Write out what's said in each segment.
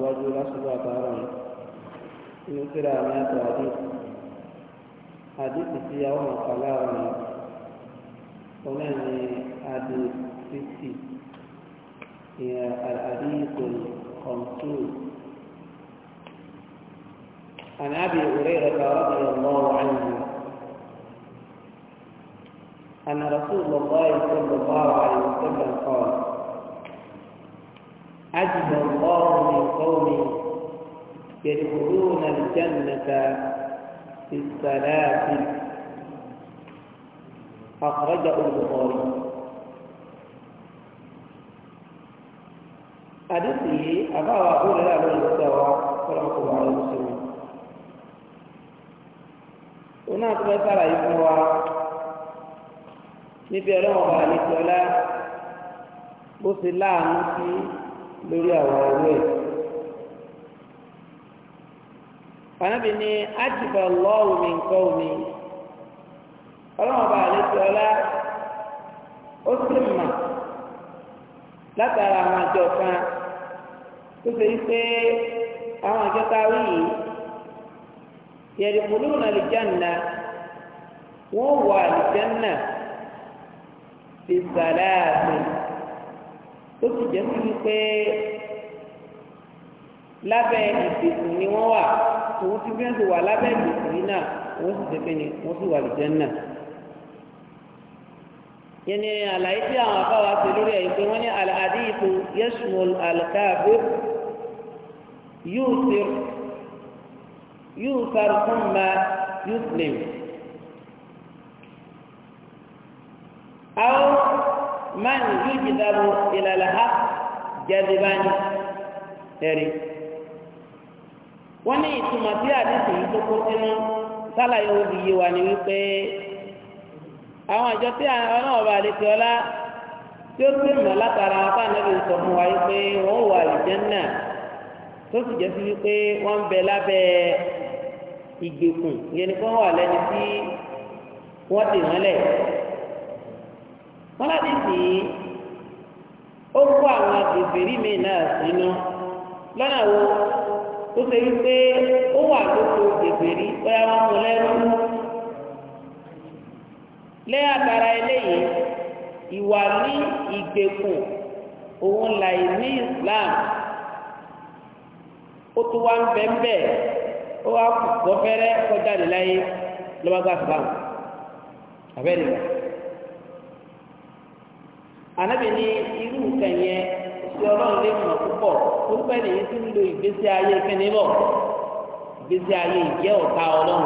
واجو لا سوا بارون نكرا ما تادي حديث في يوم القلاوي ومن هذه في هي الحديث الخمسون عن ابي هريره رضي الله عنه ان رسول الله صلى الله عليه وسلم قال أجمع الله من قوم يدخلون الجنة بالسلاسل أخرجه البخاري حديثه أبا أقول لا من المستوى فرحكم على المسلمين هناك مثال يقول níbi ọlọ́wọ́ bá ní tọ́lá lórí àwọn ọwọ́ ẹ̀. Fànábì ni Ájìbà nǹkan omi. Ọlọ́run àlejò ọlá ó sì mà látara àwọn àjọ kan tó ṣe pé àwọn àjọ yìí yẹ̀rì wọ́n wà tó sì jẹ́ sí wípé lábẹ́ ìgbèkùn ni wọ́n wà tòun ti bí wọ́n ti wà lábẹ́ ìgbèkùn yìí náà wọ́n sì tẹ́fẹ́ ni wọ́n sì wà lùjẹ́ náà yẹn ni àlàyé tí àwọn afáwa ṣe lórí ẹ̀yìn pé wọ́n ní àlàdé ètò yẹ́sùmọ̀l àlùkáàbò yóò sáré fún ma yóò slim. àwọn man yujzabu ila al jaziban ẹ̀rí wọ́n ní ìtumọ̀ sí àdìsí yìí tó kó sínú sálàyé òbí yìí wà ní wípé àwọn àjọ tí ọba àdìsí ọlá tí ó latara mọ̀ látara apá ànábì sọ wa wípé wọ́n wà àlùjànnà tó sì jẹ́ sí wípé wọ́n ni wọ́n láti sì í ó kó àwọn agbègbèrí mi náà sínú lọ́nà wo ó ṣe wípé ó wà lóko bóyá wọ́n mú lẹ́rú eléyìí ìwà ní ìgbèkùn òun ní Islam ó tún wá ń ó wá ànábì ní irú nǹkan yẹn sí ọlọ́run lè mọ̀ púpọ̀ tó pẹ́ nìyí tí ń lo ìgbésí ayé kẹ́ni bọ̀ ìgbésí ayé ìjẹ́ ọ̀tá ọlọ́run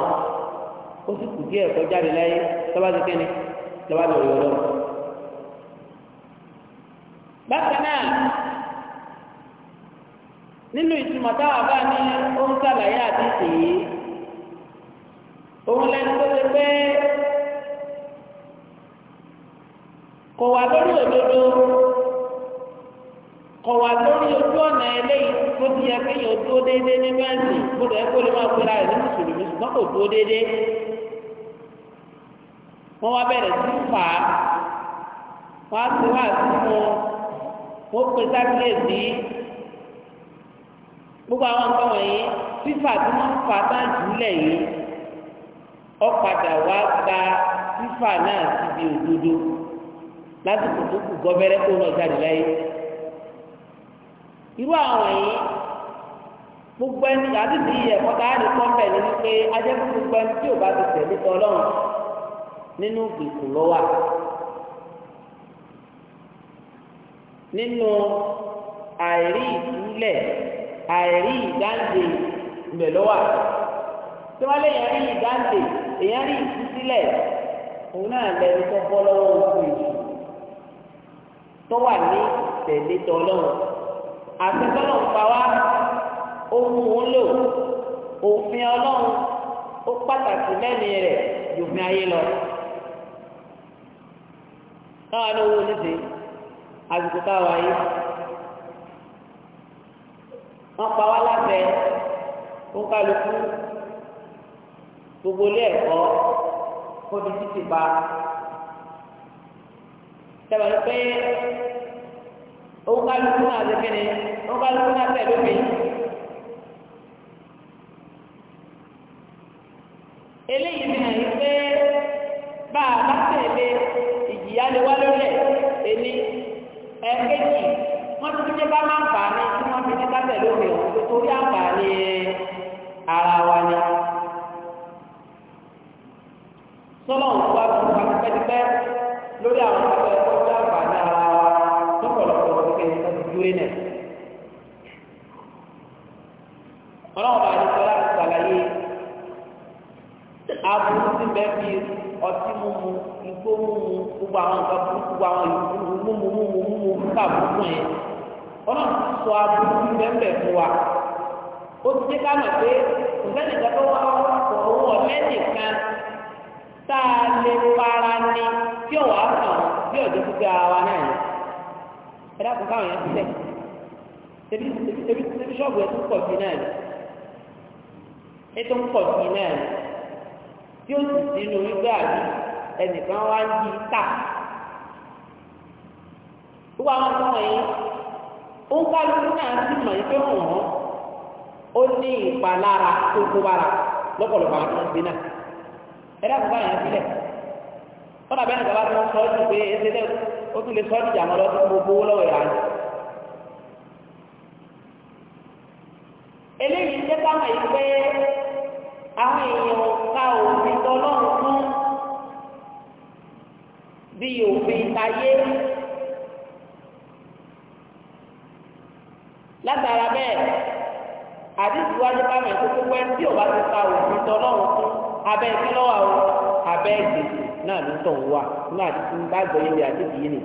ó sì kù díẹ̀ kọjá rẹ̀ láyé lọ́ba ti kẹ́ni lọ́ba lọ yọ ọlọ́run. bákan nínú ìtumọ̀ táwọn bá ní ó ń sàlàyé àdìsí yìí òun lẹ́nu tó ṣe pé. òdodo kọ̀wà lórí ojú ọ̀nà eléyìí tó ti yẹ kéèyàn dúró déédéé nínú ẹ̀sìn gbọ́dọ̀ ẹ̀kọ́ lè máa rẹ̀ ní mùsùlùmí ṣùgbọ́n kò dúró wọ́n wá bẹ̀rẹ̀ sí fà á wọ́n á ti wá sí gbogbo àwọn nǹkan wọ̀nyí fífà tí wọ́n fà á yìí wá gba fífà náà lásìkò tó kù gọ́bẹ́rẹ́ kó lọ jáde láyé irú àwọn yìí gbogbo ẹni àdìsí yìí ẹ̀kọ́ tá a lè kọ́ wípé gbogbo ẹni tí ò bá ti tẹ̀lé nínú lọ́wà nínú àìrí ìtúlẹ̀ àìrí ìdáǹdè tí wọ́n ìdáǹdè ìtúsílẹ̀ òun náà lẹ́nu tó tó wà ní tẹ̀lé tọ́lọ́run àti tọ́lọ́run pa wá ohun òun lò òfin ọlọ́run ó pàtàkì lẹ́mìí rẹ̀ yòfin ayé lọ. táwa ló níbi àsìkò táwa yìí wọ́n pa wá láfẹ́ ó kálukú gbogbo ilé ẹ̀kọ́ kó sọ̀rọ̀ pé òun ká lóko náà ṣe kéde òun ká lóko náà tẹ̀lé mi. eléyìí ti hàn yí pé bá a bá tẹ̀lé ìjìyà lè wá lórí ẹ̀ ẹni ẹ̀ẹ́kẹ́jì wọ́n ti jẹ́ bá máa ń fà á ní tí wọ́n fi ní ká tẹ̀lé òun torí àǹfààní ara wa ni. sọ́lọ́run wá fún wa pẹ́tipẹ́. lórí àwọn ọ̀sẹ̀ ẹ̀kọ́ tó àǹfààní ara tó pọ̀lọpọ̀ kékeré ọlọ́run bá yẹn sọ́lá ṣàlàyé aburú tí bẹ́ẹ̀ ọtí igbó gbogbo àwọn nǹkan gbogbo àwọn yẹn ọlọ́run ti sọ aburú tá a lè para ní tí ò wà kàn bí tó ara náà yẹn ẹ dákun káwọn yẹn ti tẹ̀ tẹbi ṣọ́ọ̀bù ẹ̀ tó sí náà sí náà tí ó sì sínú wípé àbí ẹnìkan wá ń yí tà gbogbo àwọn ọmọ wọ̀nyí ó ń náà tó kó lọ́pọ̀lọpọ̀ àwọn ọmọ ẹ̀rẹ́ àkọ́kọ́ àyàn sílẹ̀ kọ́nà bẹ́ẹ̀ nígbà bá tó sọ ọ́ sí pé ẹsẹ̀ tẹ́ ó tún lè sọ ọ́dìjà wọn lọ́dún gbogbo owó lọ́wọ́ ìyá rẹ̀ eléyìí jẹ́ káwọn èyí pé àwọn èèyàn ká òfin tọ́lọ́run fún bí òfin táyé látara bẹ́ẹ̀ àdìsíwájú káwọn èyí tó gbogbo tí ò bá ti ka òfin tọ́lọ́run fún. abẹ́ kí lọ́wọ́ àwọn abẹ́ gbèsè náà ló ń tọ̀ wá nígbà tí ń bá gbọ́yé ní àdébì yìí nì.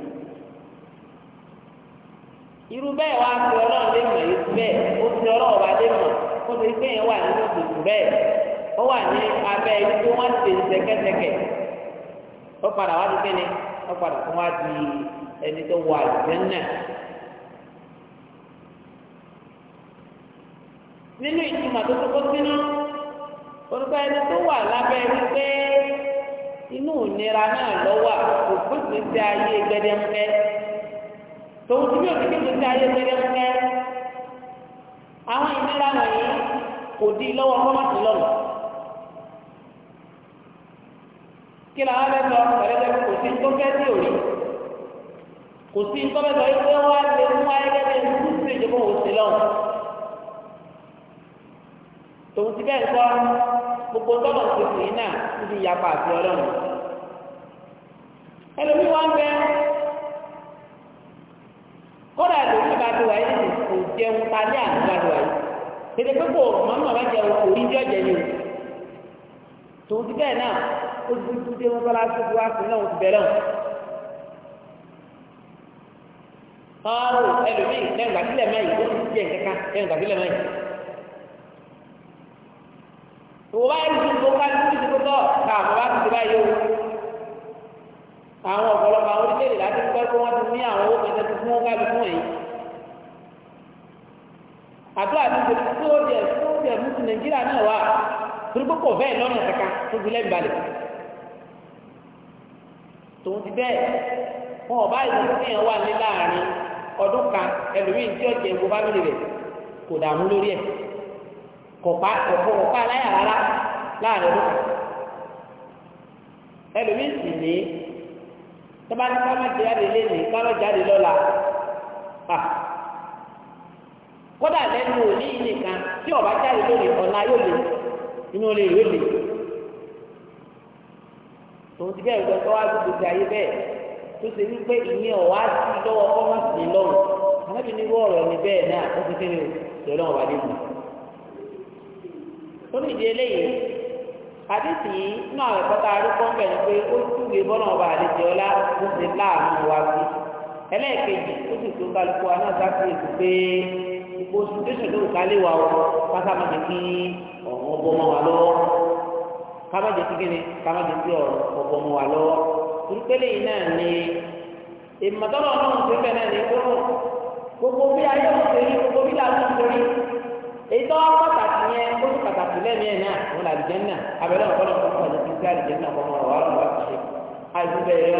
irú bẹ́ẹ̀ wá sí ọlọ́run lé mọ̀ èyí bẹ́ẹ̀ ó sí ọlọ́run lé mọ̀ ó gbé yẹn wà bẹ́ẹ̀ ó wà ní abẹ́ ibi tí wọ́n ti ó padà wá orúkọ ẹni tó wà lábẹ́ wípé inú ìnira náà lọ kò gbèsè sí ayé gbẹdẹmukẹ tòun tí mi ò ní ayé gbẹdẹmukẹ àwọn ìnira wọ̀nyí kò di lọ́wọ́ kọ́mọ̀tì lọ́nà kí làwọn bẹ sọ pẹ̀lẹ́pẹ̀lẹ́ kò sí tó sí òní kò sí gbogbo tọ́lọ̀ ti fi náà ti fi yapa àti ọlọ́run ẹlòmíì wá ń bẹ kódà lòmíì bá ti wà yìí ní kò jẹun ta ní àdúrà lọ yìí tètè pé kò mọ́mọ́ bá jẹ orí jẹ́ ọ̀jẹ̀ ni o tòun ti bẹ́ẹ̀ náà ó ti dúdú dé wọn bá ti wá sí náà ó ti bẹ̀rẹ̀ wọn. ọ̀rọ̀ ẹlòmíì lẹ́yìn gbàdúrà mẹ́yìn ó ti jẹ́ kẹ́kẹ́ lẹ́yìn gbàdúrà mẹ́yìn òwò bá rí ju gbogbo ká ní ìdíkó tọ̀ ká àwọn bá ti ti báyìí o àwọn ọ̀pọ̀lọpọ̀ àwọn orílẹ̀-èdè láti pẹ́ kó wọ́n ti ní àwọn owó kẹta ti fún ká ló fún ẹ̀yìn àbúrò àti ìgbèrè tí ó jẹ tí ó jẹ mùsùlùmí nàìjíríà náà wà torí pé kò bẹ́ẹ̀ lọ́nà kankan tó fi lẹ́nu balẹ̀ tòun ti bẹ́ẹ̀ wọn ò bá ìdílé tí yẹn wà láàrin ọdún kan ẹlòmíì tí ó jẹ ìwọ kọ̀pá kọ̀pọ̀ kọ̀pá láyà rárá láàrin ọdún kan ẹlòmíì sì ní tọ́ba ní kámá jáde lẹ́nu kámá jáde lọ́la pa kódà lẹ́nu òní nìkan tí ọba jáde lónìí ọ̀la yóò lè inú olè yóò lè tòun ti bẹ́ẹ̀ gbogbo ti ayé bẹ́ẹ̀ tó ṣe wípé ìyẹn ọ̀wá sí lọ́wọ́ kọ́mọ́sì àwọn ìbí ní wọ́ọ̀rọ̀ bẹ́ẹ̀ náà ó ti torí ìdí eléyìí àdìsí yìí náà ẹ̀kọ́ta arúgbó ń bẹ̀rẹ̀ pé ó túwé bọ́nà ọba àdìsí ọlá ó ti láàánú wa sí ẹlẹ́ẹ̀kejì ó sì tó kálukú wa náà sáfìyèsí pé gbogbo situation tó ká lé wa o pásámọ́jẹ kí ọ̀rọ̀ ọbọ mọ́ wa lọ́wọ́ kámọ́jẹ kí kíni kámọ́jẹ kí ọ̀rọ̀ ọbọ mọ́ wa lọ́wọ́ turupele yìí náà ni ìmọ̀tọ́lọ́ náà ń pè bẹ́ẹ̀ náà ni gbogbo bí ayé wọn àtìlẹ́yìn ẹ̀ náà wọn àlìjẹ́nà abẹ́rẹ́ ọ̀pọ̀ náà wọn kọjá títí àlìjẹ́nà kọ́ wọn wà lọ́wọ́ àtúnṣe àìsùnbẹ̀rẹ̀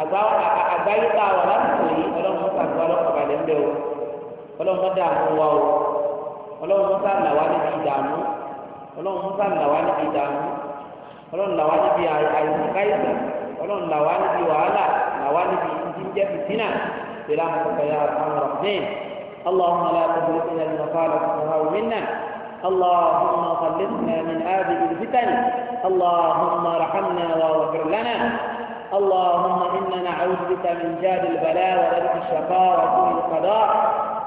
ọlọ́run àgbáyé tá a wà lásìkò yìí ọlọ́run mọ́tà tó ọlọ́kọ̀ balẹ̀ ńbẹ o ọlọ́run mọ́tà àmú wa o ọlọ́run mọ́tà làwa níbi ìdààmú ọlọ́run mọ́tà làwa níbi ìdààmú ọlọ́run làwa níbi àìsàn ọlọ́run làwa níbi wàhálà làwa níbi jíjẹ́ fìtínà ìlànà kọkànlá àwọn ọ̀rọ̀ اللهم خلصنا من هذه الفتن اللهم ارحمنا واغفر لنا اللهم إنا نعوذ بك من جاد البلاء ورد الشقاء وسوء القضاء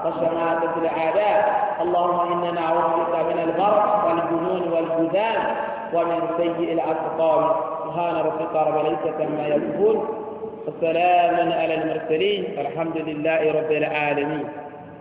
وشماتة الأعداء اللهم إنا نعوذ بك من البرق والجنون والجذام ومن سيء الأسقام سبحان ربك رب العزة عما يقول وسلام على المرسلين الحمد لله رب العالمين